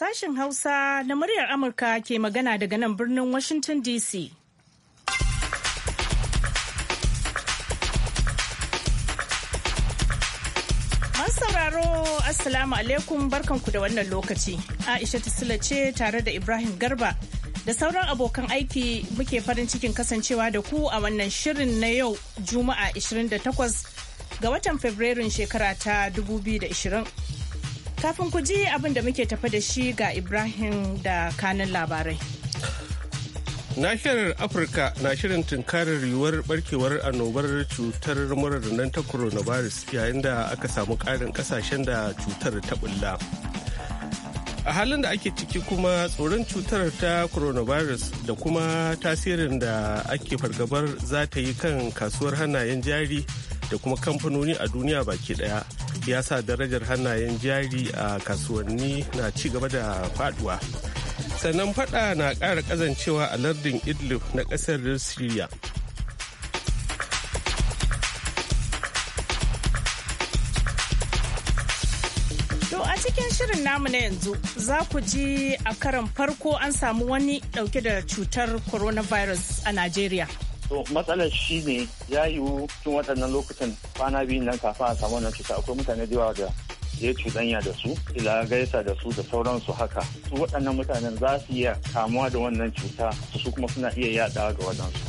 Sashen Hausa na muryar Amurka ke magana daga nan birnin Washington DC. sauraro Assalamu alaikum barkanku da wannan lokaci. Aisha Tisila ce tare da Ibrahim Garba da sauran abokan aiki muke farin cikin kasancewa da ku a wannan shirin na yau Juma'a 28 ga watan Fabrairun shekara ta 2020. Kafin ku ji abin da muke tafa da shi ga Ibrahim da kanin labarai. Nahiyar Afirka na shirin tunkarar yiwuwar barkewar annobar cutar murar nan ta coronavirus yayin da aka samu ƙarin ƙasashen da cutar ta bulla. a halin da ake ciki kuma tsoron cutar ta coronavirus da kuma tasirin da ake fargabar za ta yi kan kasuwar hannayen jari da kuma kamfanoni a duniya baki daya ya sa darajar hannayen jari a kasuwanni na ci gaba da faduwa sannan fada na ƙara kazancewa a lardin idlib na ƙasar syria cikin shirin namu na yanzu za ku ji a karan farko an samu wani dauke da cutar coronavirus a Najeriya. to matsalar shi ne ya yiwu cikin waɗannan lokutan kwana biyun nan kafin a samu wannan cuta akwai mutane da yawa da ya cuɗanya da su ila gaisa da su da sauransu haka su waɗannan mutanen za su iya kamuwa da wannan cuta su kuma suna iya yaɗa ga waɗansu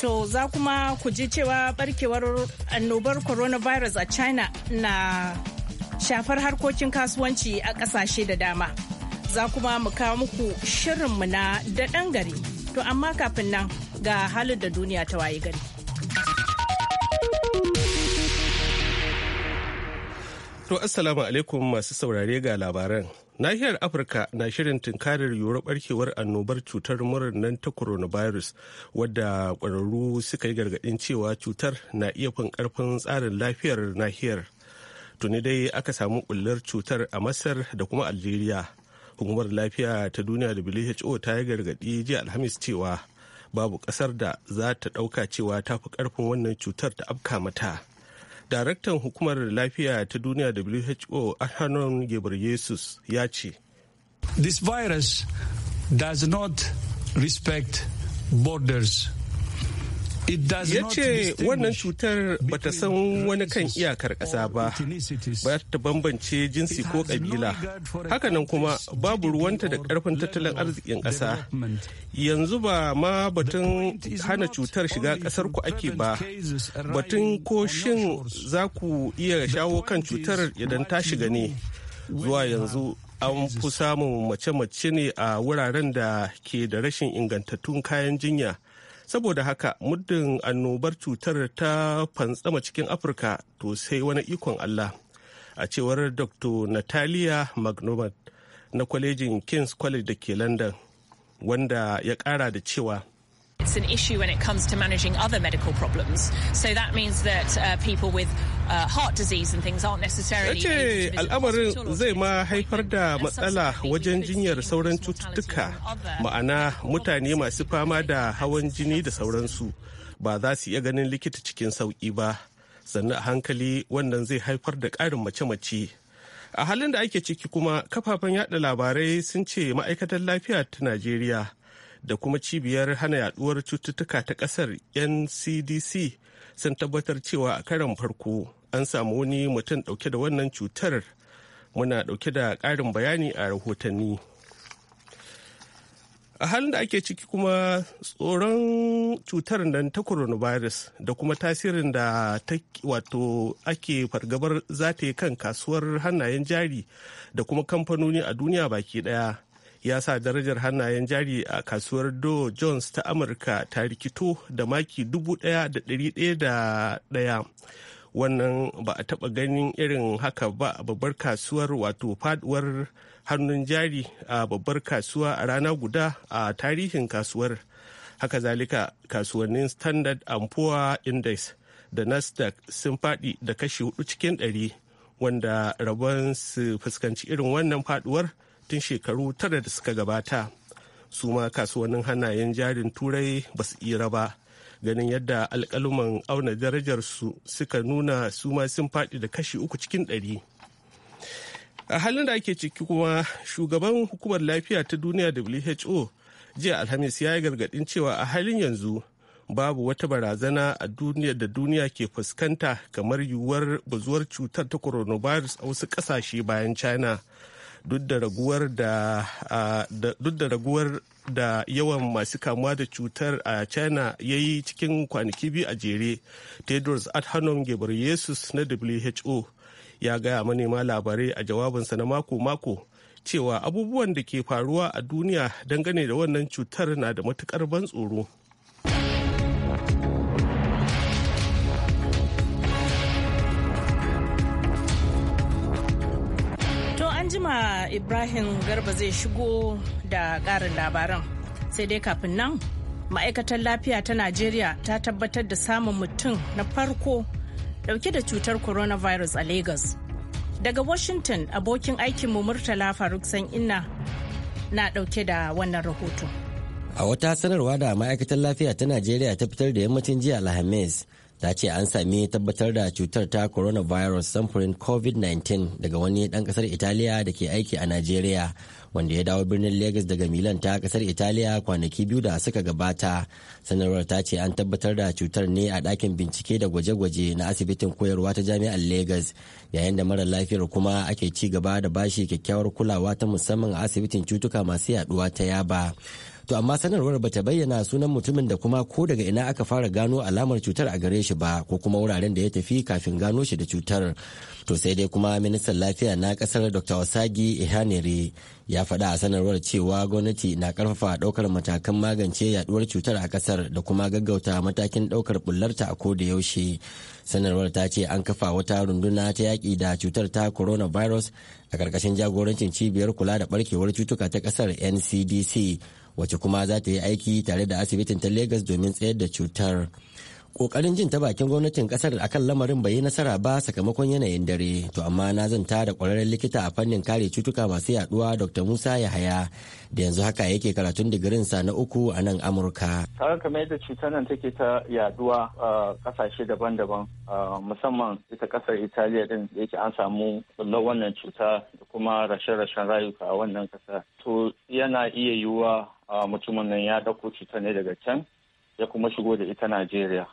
To za kuma ku ji cewa barkewar annobar coronavirus a China na shafar harkokin kasuwanci a ƙasashe da dama. Za kuma mu kawo muku shirinmu na daɗan gari. To amma kafin nan ga halin da duniya ta waye gari. To assalamu alaikum masu saurare ga labaran. Nahiyar Afirka na shirin tunkarar yiwuwar barkewar annobar cutar murar nan ta coronavirus wadda ƙwararru suka yi gargaɗin cewa cutar na iya fin ƙarfin tsarin lafiyar nahiyar. Tuni dai aka samu ƙullar cutar a Masar da kuma Algeria. Hukumar lafiya ta duniya WHO ta yi gargaɗi jiya Alhamis cewa babu ƙasar da za ta ɗauka cewa ta fi ƙarfin wannan cutar ta afka mata daraktan hukumar lafiya ta duniya who adhanom ghebreyesus ya ce this virus does not respect borders ya ce wannan cutar bata san wani kan iyakar ƙasa ba ba ta bambance jinsi ko ƙabila hakanan kuma babu ruwanta da ƙarfin tattalin arzikin ƙasa yanzu ba ma batun hana cutar shiga ƙasar ku ake ba batun ko shin za ku iya shawo kan cutar idan ta shiga ne zuwa yanzu an fi samun mace-mace ne a wuraren da ke da rashin ingantattun kayan jinya saboda haka muddin annobar cutar ta fantsama cikin afirka to sai wani ikon allah a cewar dr natalia mcnomad na kwalejin king's college da ke london wanda ya kara da cewa It's an issue when it comes to managing other medical problems. So that means that uh, people with Uh, heart disease and things aren't necessarily ce al'amarin zai ma haifar da matsala wajen jinyar sauran cututtuka ma'ana mutane masu fama da hawan jini da sauransu ba za su iya ganin likita cikin sauƙi ba sannan a hankali wannan zai haifar da ƙarin mace-mace a halin da ake ciki kuma kafafen yada labarai sun ce ma'aikatar lafiya ta najeriya da kuma cibiyar hana yaduwar cututtuka ta kasar ncdc sun tabbatar cewa a karon farko an samu wani mutum dauke da wannan cutar muna dauke da karin bayani a rahotanni a halin da ake ciki kuma tsoron cutar nan ta coronavirus da kuma tasirin da ta wato ake fargabar za ta yi kan kasuwar hannayen jari da kuma kamfanoni a duniya baki daya ya sa darajar hannayen jari a kasuwar do Jones ta Amurka ta rikito da maki ɗaya. wannan ba a taɓa ganin irin haka ba a babbar kasuwar wato faduwar hannun jari a babbar kasuwa a rana guda a tarihin kasuwar haka zalika kasuwannin standard poor index da nasdaq sun faɗi da kashi hudu cikin ɗari wanda rabon su fuskanci irin wannan faduwar tun shekaru tara da suka gabata su ma kasuwannin hannayen jarin turai ba su ira ba ganin yadda alkaluman auna darajar su suka nuna su ma sun faɗi da kashi uku cikin ɗari a halin da ake ciki kuma shugaban hukumar lafiya ta duniya who jiya alhamis ya yi gargaɗin cewa a halin yanzu babu wata barazana a duniya da duniya ke fuskanta kamar yiwuwar bazuwar cutar ta coronavirus a wasu ƙasashe bayan china duk da raguwar da yawan masu kamuwa da cutar a china ya yi cikin kwanaki biyu a jere tedros adhanom ghebreyesus na who ya gaya manema labarai a jawabinsa na mako-mako cewa abubuwan da ke faruwa a duniya dangane da wannan cutar na da matukar ban tsoro anjima Ibrahim Garba zai shigo da ƙarin labaran. Sai dai kafin nan, ma'aikatar lafiya ta Najeriya ta tabbatar da samun mutum na farko dauke da cutar coronavirus a Lagos. Daga Washington, abokin aikin aikinmu Murtala Faruk inna na dauke da wannan rahoto. A wata sanarwa da ma'aikatar lafiya ta Najeriya ta fitar da yammacin jiya Alhamis, ta ce an sami tabbatar da cutar ta coronavirus samfurin covid-19 daga wani ɗan ƙasar italiya da ke aiki a najeriya wanda ya dawo birnin lagos daga milan ta ƙasar italiya kwanaki biyu da suka gabata sanarwar ta ce an tabbatar da cutar ne a ɗakin bincike da gwaje-gwaje na asibitin koyarwa ta jami'ar lagos yayin da mara lafiyar kuma ake ci gaba da bashi kyakkyawar kulawa ta musamman a asibitin cutuka masu yaduwa ta yaba to amma sanarwar ba ta bayyana sunan mutumin da kuma ko daga ina aka fara gano alamar cutar a gare shi ba ko kuma wuraren da ya tafi kafin gano shi da cutar to sai dai kuma ministan lafiya na kasar dr wasagi ihanere ya faɗa a sanarwar cewa gwamnati na karfafa ɗaukar matakan magance yaduwar cutar a kasar da kuma gaggauta matakin ɗaukar bullarta a ko da yaushe sanarwar ta ce an kafa wata runduna ta yaƙi da cutar ta coronavirus a ƙarƙashin jagorancin cibiyar kula da ɓarkewar cutuka ta ƙasar ncdc wacce kuma za ta yi aiki tare da asibitin ta Legas domin tsayar da cutar. Kokarin jin ta bakin gwamnatin kasar kan lamarin bai yi nasara ba sakamakon yanayin dare, to amma na zanta da kwararren likita a fannin kare cutuka masu yaduwa Dr. Musa Yahaya da yanzu haka yake karatun digirin sa na uku a nan Amurka. Kaga kamar yadda cutar nan take ta yaduwa a kasashe daban-daban musamman ita kasar Italiya din da yake an samu bullar wannan cuta da kuma rashe-rashen rayuka a wannan kasa. To yana iya yiwuwa mutumin nan ya dauko cuta ne daga can ya kuma shigo da ita Najeriya.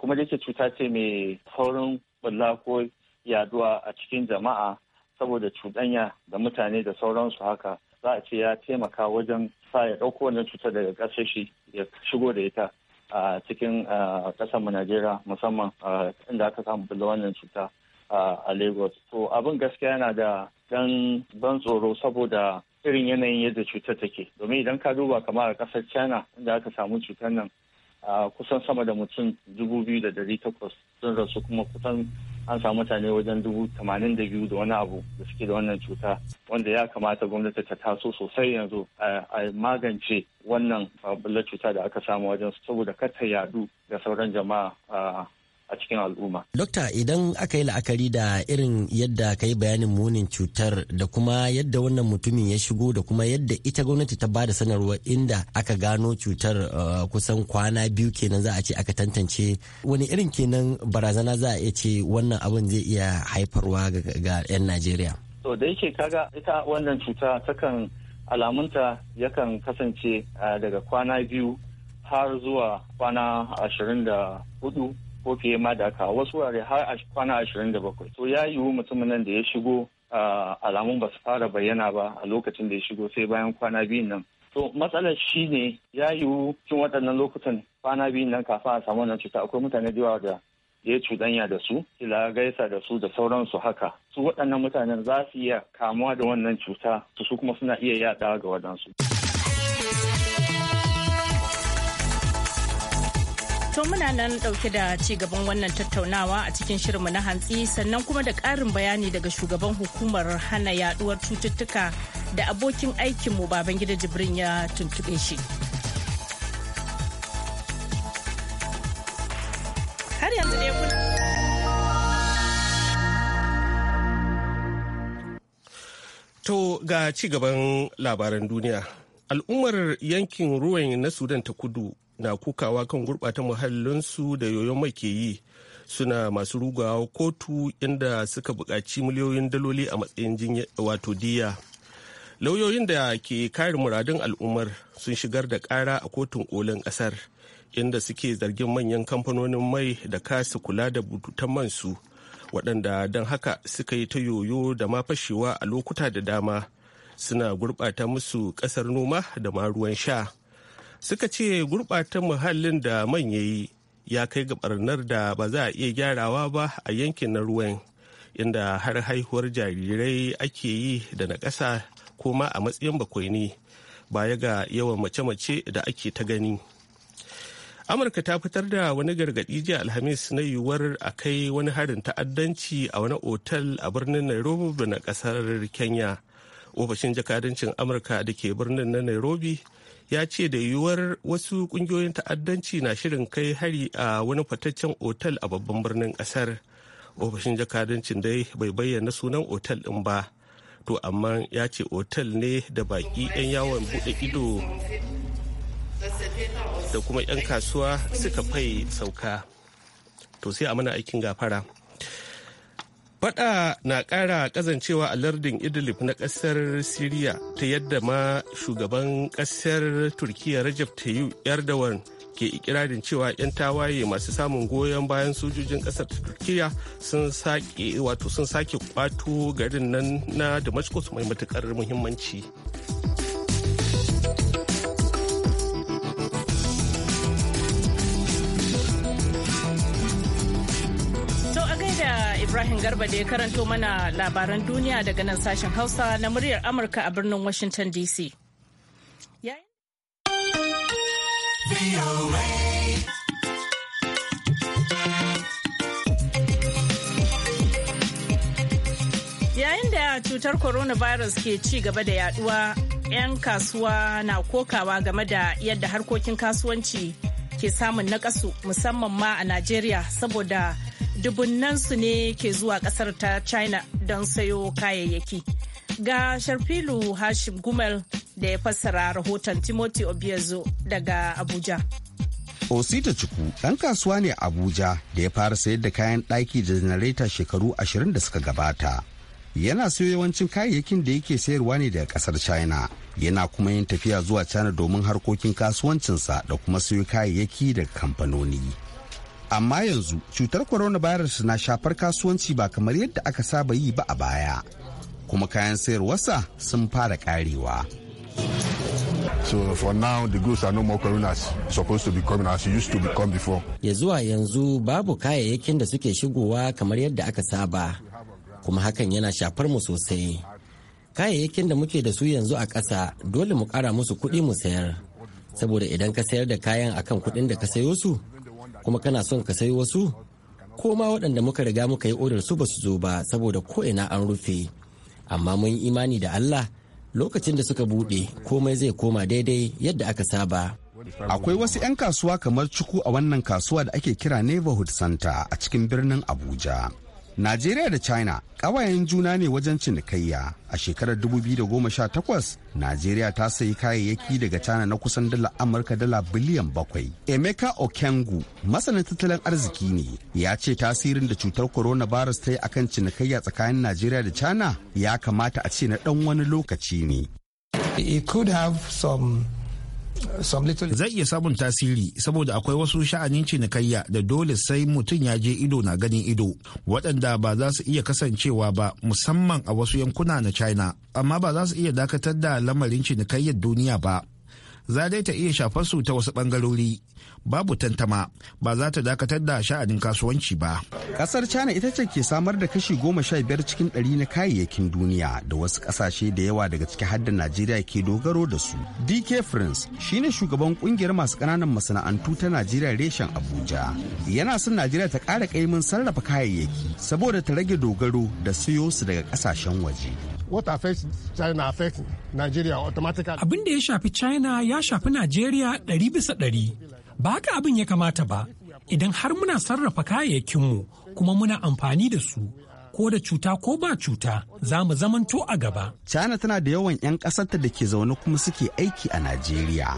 Kuma da ke cuta ce mai saurin bulla ko yaduwa a cikin jama'a saboda cuɗanya da mutane da sauransu haka za a ce ya taimaka wajen sa ya dauko wannan cuta daga ƙasar shi ya shigo da ita a cikin ƙasar mu Najeriya musamman inda aka samu bulla wannan cuta a Lagos. To abin gaskiya yana da ɗan ban tsoro saboda irin yanayin yadda cutar take domin idan ka duba kamar a kasar china inda aka samu cutar nan kusan sama da mutum dubu biyu da dari takwas sun rasu kuma kusan an samu mutane wajen dubu tamanin da biyu da wani abu da suke da wannan cuta wanda ya kamata gwamnati ta taso sosai yanzu a magance wannan babbar cuta da aka samu wajen saboda kar ta yadu ga sauran jama'a a cikin al'umma. Dokta idan aka yi la'akari da irin yadda ka yi bayanin munin cutar da kuma yadda wannan mutumin ya shigo da kuma yadda ita gwamnati ta bada sanarwar inda aka gano cutar uh, kusan kwana biyu kenan za a ce aka tantance wani irin kenan barazana za a iya ce wannan abin zai iya haifarwa ga 'yan Najeriya. To da yake kaga ita wannan cuta takan alamunta yakan kasance uh, daga kwana biyu har zuwa kwana ashirin da hudu ko ke ma da haka wasu wurare har a kwana ashirin da bakwai to ya yiwu mutumin nan da ya shigo alamun ba su fara bayyana ba a lokacin da ya shigo sai bayan kwana biyun nan to matsalar shi ne ya yiwu cikin waɗannan lokutan kwana biyun nan kafin a samu wannan cuta akwai mutane da yawa da ya cuɗanya da su kila gaisa da su da sauransu haka su waɗannan mutanen za su iya kamuwa da wannan cuta su kuma suna iya yaɗawa ga waɗansu. muna nan dauke da ci gaban wannan tattaunawa a cikin shirinmu na hantsi sannan kuma da ƙarin bayani daga shugaban hukumar hana yaduwar cututtuka da abokin aikinmu babangida jibrin ya tuntube shi. Har yanzu ne kuna To ga ci gaban labaran duniya. Al'ummar yankin ruwan na Sudan ta kudu na kukawa kan gurɓata muhallinsu da yoyo mai ke yi suna masu rugawa kotu inda suka buƙaci miliyoyin daloli a matsayin wato diya lauyoyin da ke kare muradun al'ummar sun shigar da ƙara a kotun kolin ƙasar inda suke zargin manyan kamfanonin mai da kasa kula da bututun su waɗanda don haka suka yi ta yoyo da ma fashewa a lokuta da dama suna gurɓata musu ƙasar noma da ma ruwan sha. suka ce gurɓata muhallin da man ya ya kai ga barnar da ba za a iya gyarawa ba a yankin na ruwan inda har haihuwar jarirai ake yi da na ƙasa ma a matsayin bakwai ne baya ga yawan mace-mace da ake ta gani amurka ta fitar da wani gargaɗi jiya alhamis na yiwuwar a kai wani harin ta'addanci a wani otal a birnin nairobi na ƙasar kenya ofishin jakadancin amurka da ke birnin na nairobi ya ce da yiwuwar wasu kungiyoyin ta'addanci na shirin kai hari a wani fataccen otal a babban birnin kasar ofishin jakadancin dai bai bayyana sunan otal din ba to amma ya ce otal ne da baki 'yan yawon buɗe ido da kuma 'yan kasuwa suka fai sauka to sai a mana aikin gafara. Fada na ƙara kazancewa a lardin Idlib na ƙasar Siriya ta yadda ma shugaban ƙasar Turkiyya Rajab Tayyip Erdogan ke ikirarin cewa 'yan tawaye masu samun goyon bayan sojojin ƙasar Turkiyya sun sake wato sun sake kwato garin nan na Damascus mai matuƙar muhimmanci. Ibrahim Garba da ya karanto mana labaran duniya daga nan sashen Hausa na muryar Amurka a birnin Washington DC. Yayin da cutar coronavirus ke ci gaba da yaduwa, 'yan kasuwa na kokawa game da yadda harkokin kasuwanci ke samun nakasu musamman ma a Najeriya saboda dubunnan su ne ke zuwa kasar ta china don sayo kayayyaki ga sharfilu hashim gumel da ya fassara rahoton timothy obiezo daga abuja Osita Cuku ɗan kasuwa ne Abuja da ya fara sayar da kayan ɗaki da janareta shekaru ashirin da suka gabata. Yana siyo yawancin kayayyakin da yake sayarwa ne daga kasar China. Yana kuma yin tafiya zuwa China domin harkokin kasuwancinsa da kuma sayo kayayyaki daga kamfanoni. amma yanzu cutar coronavirus na shafar kasuwanci ba kamar yadda aka saba yi ba a baya kuma kayan sayarwarsa sun fara karewa So for now the goods are no more as supposed to be coming as used to become before. Ya zuwa yanzu babu kayayyakin da suke shigowa kamar yadda aka saba kuma hakan yana shafar mu sosai. Kayayyakin da muke da su yanzu a ƙasa dole mu ƙara musu kuɗi mu sayar. Saboda idan ka sayar da kayan akan kuɗin da ka sayo su kuma kana son ka sayo wasu ko ma waɗanda muka riga muka yi odar su ba su zo ba saboda ko ina an rufe amma mun yi imani da Allah lokacin da suka buɗe komai zai koma daidai yadda aka saba akwai wasu 'yan kasuwa kamar cuku a wannan kasuwa da ake kira neighborhood center a cikin birnin abuja Najeriya da China ƙawayen juna ne wajen cinikayya. A shekarar 2018, Najeriya ta sayi kayayyaki daga China na kusan dala Amurka dala biliyan bakwai. Emeka Okengu, masanin tattalin arziki ne, ya ce tasirin da cutar corona virus ta yi akan cinikayya tsakanin Najeriya da China ya kamata a ce na ɗan wani lokaci ne. It could have some zai iya samun tasiri saboda akwai wasu sha'anin cinikayya da dole sai mutum ya je ido na ganin ido waɗanda ba za su iya kasancewa ba musamman a wasu yankuna na china amma ba za su iya dakatar da lamarin cinikayyar duniya ba za dai ta iya shafar su ta wasu bangarori babu tantama ba za ta dakatar da sha'anin kasuwanci ba. Kasar China ita ce ke samar da kashi goma sha biyar cikin ɗari na kayayyakin duniya da wasu ƙasashe da yawa daga ciki hadda Najeriya ke dogaro da su. DK Prince shine shugaban kungiyar masu ƙananan masana'antu ta Najeriya reshen Abuja. Yana son Najeriya ta ƙara ƙaimin sarrafa kayayyaki saboda ta rage dogaro da siyo su daga ƙasashen waje. What Abin da ya shafi China ya ya shafi Najeriya ɗari bisa ɗari. Ba haka abin ya kamata ba, idan har muna sarrafa kayayyakinmu kuma muna amfani da su. Ko da cuta ko ba cuta za mu zamanto a gaba. China tana da yawan 'yan ƙasarta da ke zaune kuma suke aiki a Najeriya.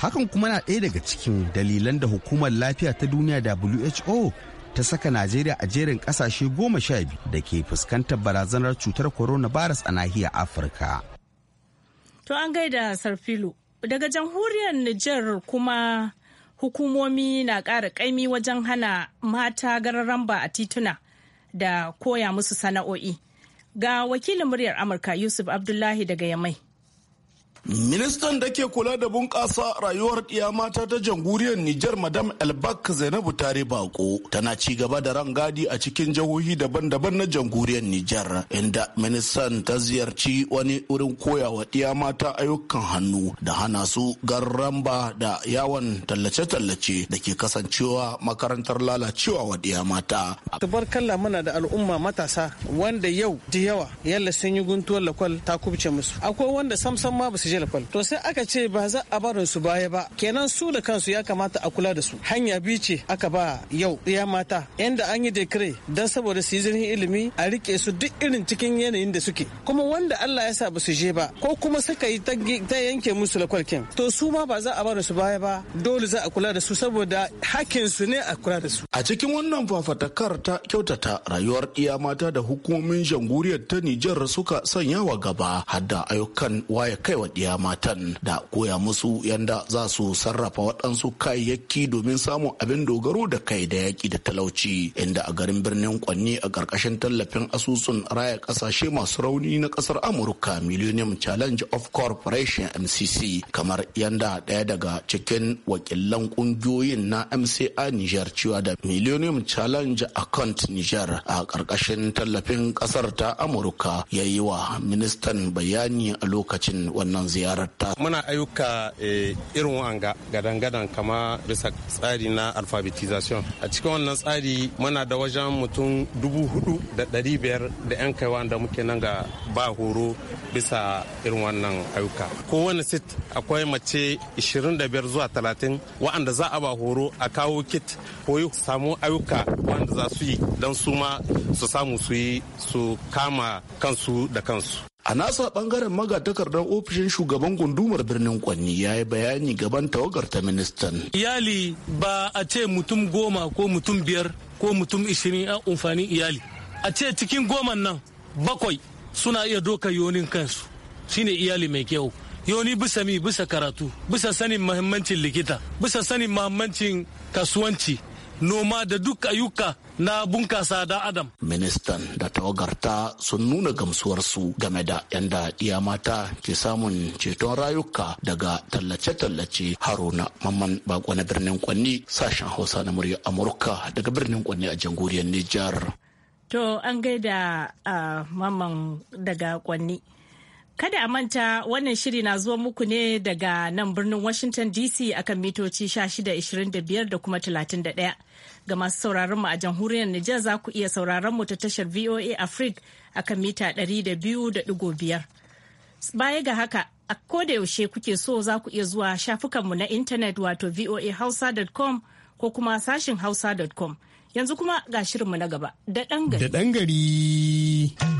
Hakan kuma na ɗaya daga cikin dalilan da hukumar lafiya ta duniya WHO ta saka Najeriya a jerin ƙasashe goma sha biyu da ke fuskantar barazanar cutar coronavirus a nahiyar Afirka. To an gaida Sarfilu. daga jamhuriyar Nijar kuma hukumomi na ƙara ƙaimi wajen hana mata gararamba a tituna da koya musu sana'o'i. Ga wakilin muryar Amurka Yusuf Abdullahi daga Yamai. Ministan da ke kula da bunƙasa rayuwar ɗiya mata ta jamhuriyar Nijar Madam Elbak Zainabu Tare Bako tana ci gaba da rangadi a cikin jihohi daban-daban na jamhuriyar Nijar inda ministan ta ziyarci wani wurin koyawa ɗiya mata ayyukan hannu da hana su garramba da yawon tallace-tallace da ke kasancewa makarantar lalacewa wa ɗiya mata. Tabarkalla mana da al'umma matasa wanda yau da yawa yalla sun yi guntuwar lakwal ta kubce musu. Akwai wanda samsam ma ba su Kwal. to sai aka ce ba za a barin su baya ba kenan su da kansu ya kamata a kula da su hanya biyu ce aka ba yau ya mata yanda an yi dekare don saboda su yi ilimi a rike su duk irin cikin yanayin da suke kuma wanda Allah ya sa ba su je ba ko kuma suka yi ta yanke musu lakwalkin to su ma ba za a barin su baya ba dole za a kula da su saboda hakkin su ne a kula da su a cikin wannan fafatakar ta kyautata rayuwar iya mata da hukumomin jamhuriyar ta Nijar suka sanya wa gaba hadda ayyukan waya kaiwa ya matan da koya musu yanda za su sarrafa waɗansu kayayyaki domin samun abin dogaro da kai da yaƙi da talauci inda a garin birnin kwanni a ƙarƙashin tallafin asusun raya ƙasashe masu rauni na ƙasar amurka millennium challenge of corporation mcc kamar yanda ɗaya daga cikin wakilan ƙungiyoyin na mca niger cewa da millennium challenge account niger a ƙarƙashin tallafin ƙasar ta amurka ya yi wa ministan bayani a lokacin wannan ziyararta. Muna ayyuka eh, irin wanga gadan-gadan kama bisa tsari na alfabetization. A cikin wannan tsari muna da wajen mutum dubu hudu da dari biyar da 'yan kaiwa da muke nan ga ba horo bisa irin wannan ayyuka. Kowane sit akwai mace 25 zuwa 30 wa'anda za a ba horo a kawo kit koyi samu ayyuka wanda za su yi don su ma su samu su yi su kama kansu da kansu. a nasa bangaren magatakardar ofishin shugaban gundumar birnin kwanni ya yi bayani gaban tawagar ta ministan iyali ba a ce mutum goma ko mutum biyar ko mutum ishirin a amfanin iyali a ce cikin goma nan bakwai suna iya doka yonin kansu shine iyali mai kyau yoni bisa mi bisa karatu bisa sanin mahimmancin likita bisa sanin mahimmancin kasuwanci noma da duk ayyuka na bunkasa da adam. Ministan da tawagarta sun nuna gamsuwarsu game da yanda iya mata ke samun ceton rayuka daga tallace-tallace haruna mamman bako na birnin kwanni sashen hausa na murya amurka daga birnin kwanni a jamhuriyar Nijar. To an gaida uh, mamman daga kwanni. Kada a manta wannan shiri na zuwa muku ne daga nan birnin Washington DC akan mitoci 1625 da kuma 31. Ga masu sauraron mu a jamhuriyar Nijar za ku iya sauraron mu ta tashar VOA Africa akan mita 200.5. Baya ga haka, a koda yaushe kuke so za ku iya zuwa shafukanmu na intanet wato voahausa.com ko kuma sashin hausa.com. Yanzu kuma ga shirinmu na gaba, da ɗan Da ɗan gari.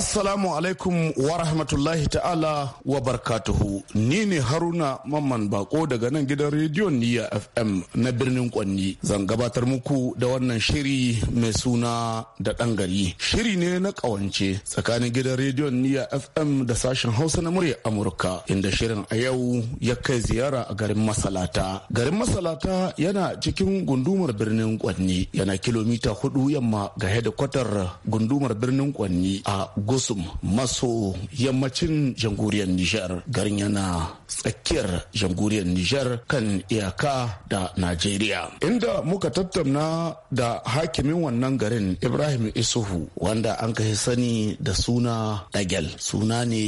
Assalamu alaikum wa rahmatullahi ta'ala wa barkatuhu. Ni ne Haruna Mamman Bako daga nan gidan rediyon Niya FM na birnin Kwanni. Zan gabatar muku da wannan shiri mai suna da ɗan gari. Shiri ne na ƙawance tsakanin gidan rediyon Niya FM da sashen Hausa na murya Amurka inda shirin a yau ya kai ziyara a garin Masalata. Garin Masalata yana cikin gundumar birnin Kwanni yana kilomita hudu yamma ga hedikwatar gundumar birnin Kwanni a gusum maso yammacin jamhuriyar nijar garin yana tsakiyar jamhuriyar nijar kan iyaka da najeriya inda muka tattauna da hakimin wannan garin ibrahim isuhu wanda an kai sani da suna dagel suna ne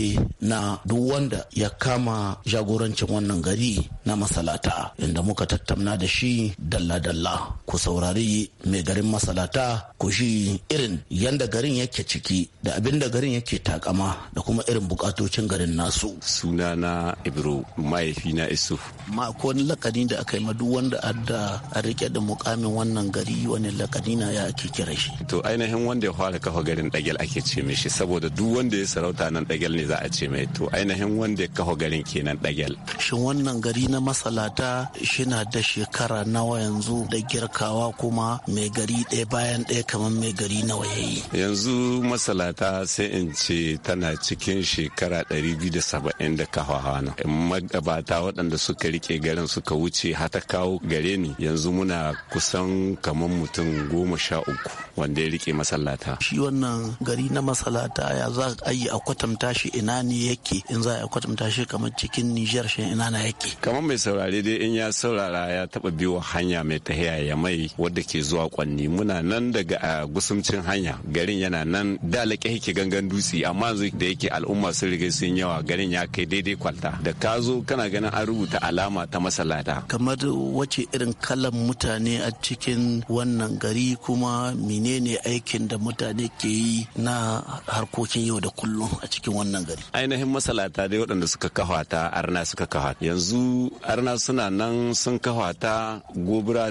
na duk wanda ya kama jagorancin wannan gari na masalata inda muka tattauna da shi dalla-dalla ku saurari mai garin masalata ku shi irin yanda garin yake ciki da abin da garin yake takama da kuma irin bukatocin garin nasu suna na ibro mahaifi na isu ma ko lakani da aka yi ma duk wanda adda a rike da mukamin wannan gari wani lakani na ya ake kira shi to ainihin wanda ya fara kafa garin dagel ake ce mai shi saboda duk wanda ya sarauta nan dagel ne za a ce mai to ainihin wanda ya kafa garin kenan dagel shin wannan gari na masalata shina da shekara nawa yanzu da girkawa kuma mai gari ɗaya bayan ɗaya kamar mai gari nawa yayi yanzu masalata sai in ce tana cikin shekara 270 da kafa na magabata waɗanda suka rike garin suka wuce hata kawo gare ni yanzu muna kusan kamar mutum goma sha uku wanda ya rike masallata shi wannan gari na masallata ya za a yi a kwatanta shi ina ne yake in za a kwatanta shi kamar cikin nijar shi ina na yake kamar mai saurare dai in ya saurara ya taba biyo hanya mai tahiya ya mai wadda ke zuwa kwanni muna nan daga gusumcin hanya garin yana nan da alaƙe gangan dutse amma yanzu da yake al'umma sun riga sun yawa ganin ya kai daidai kwalta da ka zo kana ganin an rubuta alama ta masalata kamar wace irin kalan mutane a cikin wannan gari kuma menene aikin da mutane ke yi na harkokin yau da kullum a cikin wannan gari ainihin masalata dai waɗanda suka kafa ta arna suka kafa yanzu arna suna nan sun kafa ta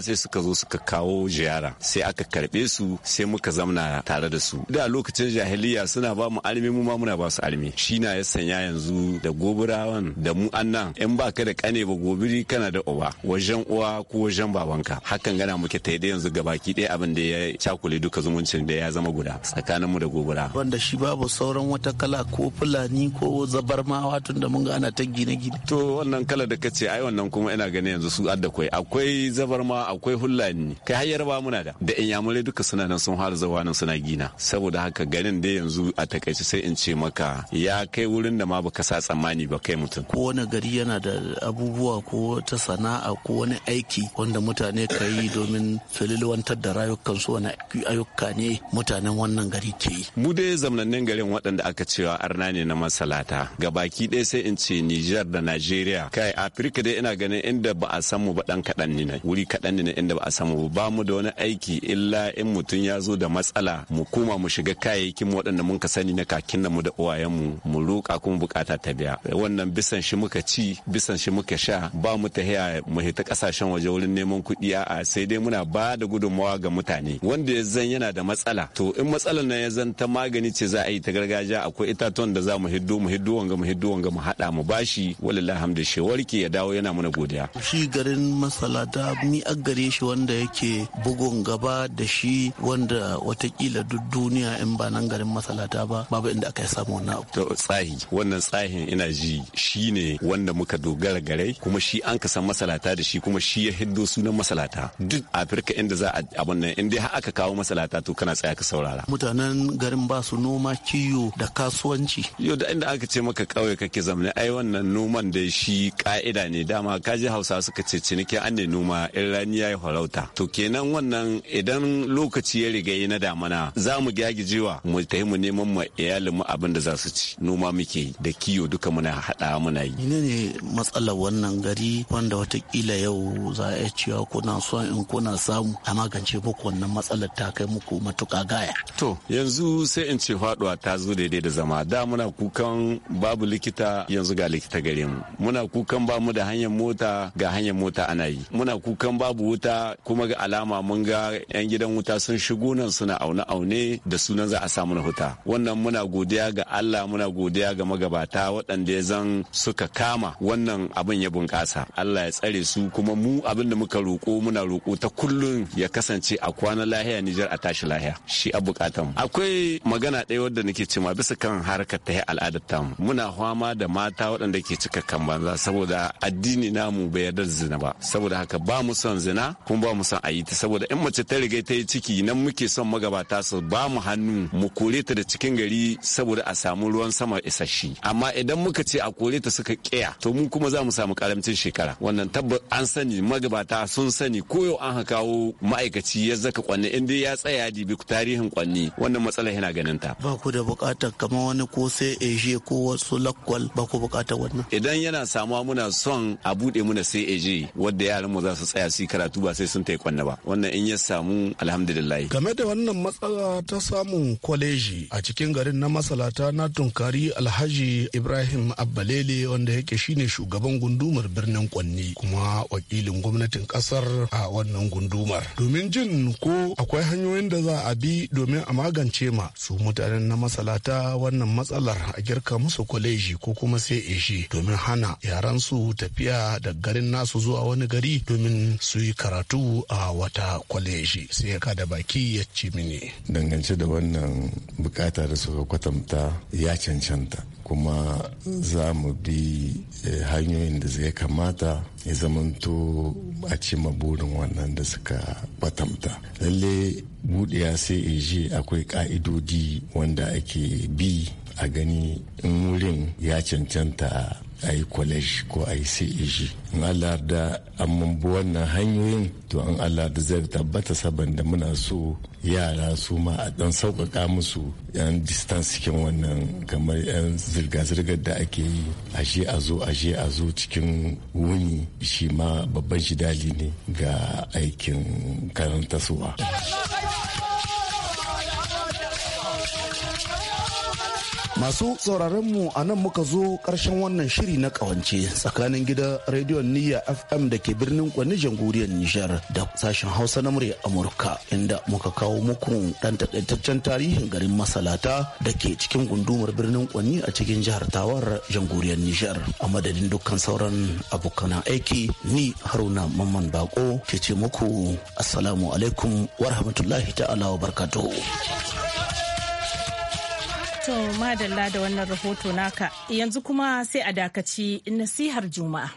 sai suka zo suka kawo ziyara sai aka karɓe su sai muka zamna tare da su da lokacin jahiliya sun suna ba mu almi mu ma muna ba su almi shi na ya sanya yanzu da goburawan da mu annan in ba ka da kane ba gobiri kana da uba wajen uwa ko wajen babanka hakan gana muke ta da yanzu gabaki ɗaya abin da ya cakule duka zumuncin da ya zama guda tsakanin mu da gobura wanda shi babu sauran wata kala ko fulani ko zabarmawa tun da mun ga ana ta gine-gine to wannan kala da kace ai wannan kuma ina gani yanzu su adda kwai akwai zabarma akwai hulani kai har yarba muna da da inyamurai duka suna nan sun har zawa nan suna gina saboda haka ganin da yanzu a takaice sai in ce maka ya kai wurin da ma baka sa tsammani ba kai mutum Ko wani gari yana da abubuwa ko ta sana'a ko wani aiki wanda mutane ka yi domin fililwantar da su wani ayyuka ne mutanen wannan gari ke yi mu dai zamnanin garin waɗanda aka cewa arna ne na masalata baki ɗaya sai in ce Nijar da Najeriya kai Afirka dai ina ganin inda ba a samu ba dan kaɗan ne wuri kaɗan ne inda ba a samu ba mu da wani aiki illa in mutum ya zo da matsala mu koma mu shiga kayayyakin waɗanda mun ka sani na kakin mu da uwayenmu mu mu roƙa kuma bukata ta biya wannan bisan shi muka ci bisan shi muka sha ba mu ta haya mu hita kasashen waje wurin neman kuɗi a sai dai muna ba da gudunmawa ga mutane wanda ya zan yana da matsala to in matsalar na ya zan ta magani ce za a yi ta gargajiya akwai itatuwan da za mu hiddo mu hiddo wanga mu hiddo wanga mu haɗa mu bashi walillahi hamdu shi ya dawo yana muna godiya shi garin masalata ni a gare shi wanda yake bugun gaba da shi wanda watakila duk duniya in ba nan garin masalata mata ba babu inda aka samu wannan abu to tsahi wannan tsahin ina ji shine wanda muka dogara gare kuma shi an ka san masalata da shi kuma shi ya hiddo sunan masalata duk afirka inda za a abun nan inda har aka kawo masalata to kana tsaya ka saurara mutanen garin ba su noma kiyo da kasuwanci yau da inda aka ce maka kauye kake zamne ai wannan noman da shi ka'ida ne dama kaji hausa suka ce ciniki an ne noma in rani ya yi farauta to kenan wannan idan lokaci ya riga na damana za mu gyagijewa mu tafi mu nemo neman ma iyalin mu abin da za su ci noma muke da kiyo duka muna haɗa muna yi ne matsalar wannan gari wanda watakila yau za a cewa kuna so in kuna samu a magance muku wannan matsalar ta kai muku matuka gaya to yanzu sai in ce faduwa ta zo daidai da zama da muna kukan babu likita yanzu ga likita gare mu muna kukan ba mu da hanyar mota ga hanyar mota ana yi muna kukan babu wuta kuma ga alama mun ga yan gidan wuta sun shigo nan suna aune aune da sunan za a samu na huta wannan muna godiya ga Allah muna godiya ga magabata waɗanda ya zan suka kama wannan abin ya bunƙasa Allah ya tsare su kuma mu abin da muka roƙo muna roƙo ta kullum ya kasance a kwana lahiya Nijar a tashi lahiya shi a bukatan akwai magana ɗaya wadda nake cewa bisa kan harkar ta al'adar ta. muna fama da mata waɗanda ke cika kan banza saboda addini namu bai yarda da zina ba saboda haka ba mu son zina kuma ba mu son a ta saboda in mace ta riga ta yi ciki nan muke son magabata su ba mu hannu mu kore ta da cikin gari saboda a samu ruwan sama isasshe amma idan muka ce a kore ta suka kiya to mun kuma za mu samu karamcin shekara wannan tabbas an sani magabata sun sani koyo an ha kawo ma'aikaci ya zaka kwanne in dai ya tsaya dibi tarihin kwanne wannan matsalar yana ganin ta ba ku da bukatar kamar wani ko sai eje ko wasu lakwal ba ku bukatar wannan idan yana samuwa muna son a bude muna sai eje wanda yaran mu za su tsaya su karatu ba sai sun tai kwanne ba wannan in ya samu alhamdulillah game da wannan matsala ta samun kwaleji a a cikin garin na masalata na tunkari alhaji ibrahim abbalele wanda yake shine shugaban gundumar birnin kwanni kuma wakilin gwamnatin kasar a wannan gundumar domin jin ko akwai hanyoyin da za a bi domin a magance ma su mutanen na masalata wannan matsalar a girka musu kwaleji ko kuma sai ishi domin hana yaran su tafiya da garin nasu zuwa wani gari domin su yi karatu a wata kwaleji sai ya kada baki ya ci mini dangance da wannan bukatar bukata da suka kwatanta ya cancanta kuma za mu bi eh, hanyoyin da zai kamata ya zamanto a cima burin wannan da suka kwatanta lalle buɗiya sai akwai ka'idodi wanda ake bi a gani in wurin ya cancanta a yi kwalesh ko a yi ceg in allah da amman bi wannan hanyoyin to an allah da zai tabbata saboda muna so yara su ma a dan sauƙaƙa musu yan distance cikin wannan kamar yan zirga-zirgar da ake yi ashe a zo ashe a zo cikin wuni shi ma babban shidali ne ga aikin karanta suwa. Masu mu a nan muka zo ƙarshen wannan shiri na ƙawance tsakanin gida rediyon Niyya FM da ke birnin kwanni jamhuriyar Nijar da sashen Hausa na murya Amurka inda muka kawo muku ɗan taƙaitaccen tarihin garin Masalata da ke cikin gundumar birnin Kwani a cikin jihar Tawar jamhuriyar Nijar. A madadin dukkan sauran abokan aiki ni Haruna Mamman Bako ke ce muku Assalamu alaikum wa rahmatullahi ta'ala wa barkatuhu. To madalla da wannan rahoto naka yanzu kuma sai a dakaci nasihar juma'a.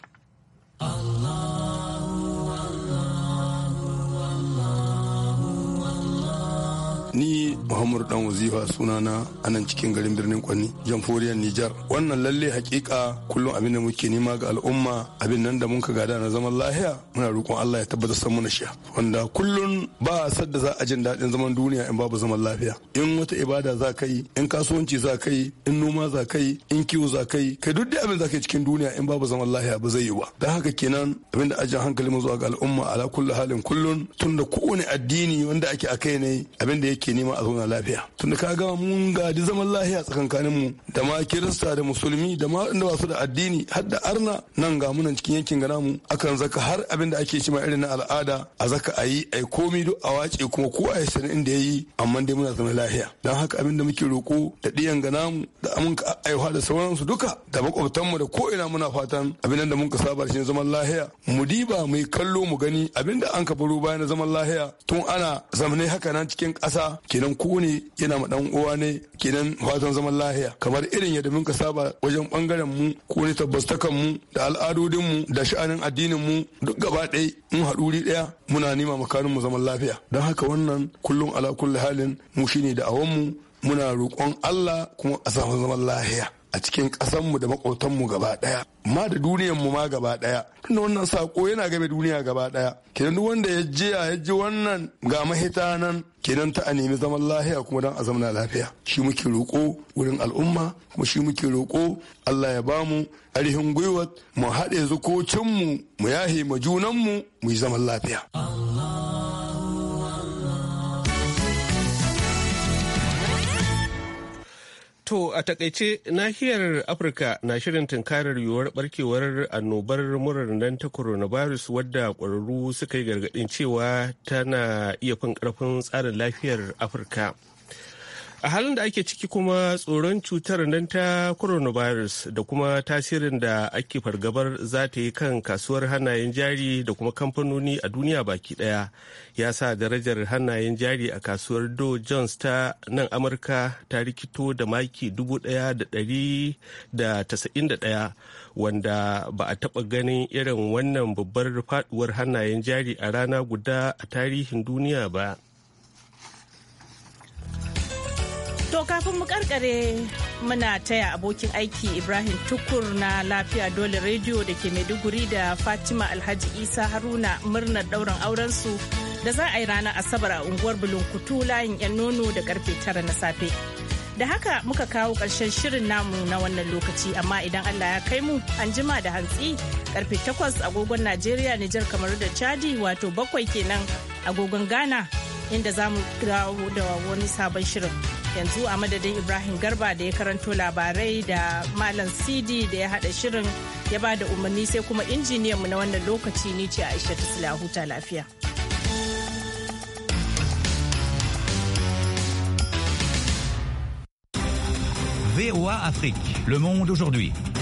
ni muhammadu dan wazifa sunana a nan cikin garin birnin kwanni jamhuriyar nijar wannan lalle hakika kullum abin da muke nema ga al'umma abin nan da muka gada na zaman lahiya muna roƙon allah ya tabbatar san muna sha wanda kullum ba da za a jin daɗin zaman duniya in babu zaman lafiya in wata ibada za ka yi in kasuwanci za ka yi in noma za ka yi in kiwo za ka yi kai duk da abin za ka yi cikin duniya in babu zaman lahiya ba zai yi ba Da haka kenan abin da ajin hankali mu zuwa ga al'umma ala kullu halin kullum tunda kowane addini wanda ake a kai ne abin da yake ke nema a zauna lafiya tunda ka kaga mun gadi zaman lafiya tsakankanin mu da ma kirista da musulmi da ma inda wasu da addini har da arna nan ga munan cikin yankin gana mu akan zaka har abin da ake cima irin na al'ada a zaka a yi a komi duk a wace kuma ko a yi inda ya yi amma dai muna zaman lafiya dan haka abin da muke roko da ɗiyan gana mu da aminka aiwa da sauransu duka da mu da ko ina muna fatan abin da mun ka saba shi zaman lahiya mu diba mu kallo mu gani abin da an ka baro bayan zaman lahiya tun ana zamanai haka nan cikin ƙasa Kidan kenan ku ne yana ma dan uwa ne kenan fatan zaman lahiya kamar irin yadda mun ka saba wajen bangaren mu ku ne tabbastakan mu da al'adodin mu da sha'anin addinin mu duk gaba ɗaya mun haɗuri ɗaya muna nima makarin mu zaman lafiya don haka wannan kullum ala kulli halin mu shine da awon mu muna roƙon Allah kuma a samu zaman lahiya a cikin ƙasanmu da maƙotanmu gaba ɗaya ma da mu ma gaba ɗaya tunda wannan sako yana game duniya gaba ɗaya kenan duk wanda ya je ya ji wannan ga mahita nan kenan ta a nemi zaman lafiya kuma don a zamana lafiya shi muke roƙo wurin al'umma kuma shi muke roƙo Allah ya bamu arihin gwiwa mu haɗe zukocinmu mu yahe ma junanmu mu yi zaman lafiya. Allah. To a takaice nahiyar Afirka na shirin tunkarar yiwuwar barkewar annobar murar nan ta coronavirus wadda ƙwararru suka yi gargaɗin cewa tana iya fin ƙarfin tsarin lafiyar Afirka. a halin da ake ciki kuma tsoron cutar nan ta coronavirus da kuma tasirin da ake fargabar za ta yi kan kasuwar hannayen jari da kuma kamfanoni a duniya baki daya ya sa darajar hannayen jari a kasuwar do jones ta nan amurka ta rikito da maki 1,191 wanda ba a taba ganin irin wannan babbar faduwar hannayen jari a rana guda a tarihin duniya ba. To kafin mu karkare muna taya abokin aiki Ibrahim Tukur na lafiya dole rediyo da ke Maiduguri da Fatima Alhaji Isa Haruna murnar ɗaurin su da za a yi ranar Asabar a unguwar Bulunkutu layin 'yan nono da karfe tara na safe. Da haka muka kawo ƙarshen shirin namu na wannan lokaci amma idan Allah ya kai mu an jima da hantsi karfe takwas agogon Najeriya Nijar kamar da Chadi wato bakwai kenan agogon Ghana inda za mu dawo da wani sabon shirin yanzu a madadin ibrahim garba da ya karanto labarai da malam sidi da ya hada shirin ya ba da umarni sai kuma mu na wannan lokaci ni ce aisha ta huta lafiya VOA Afrique, le monde aujourd'hui.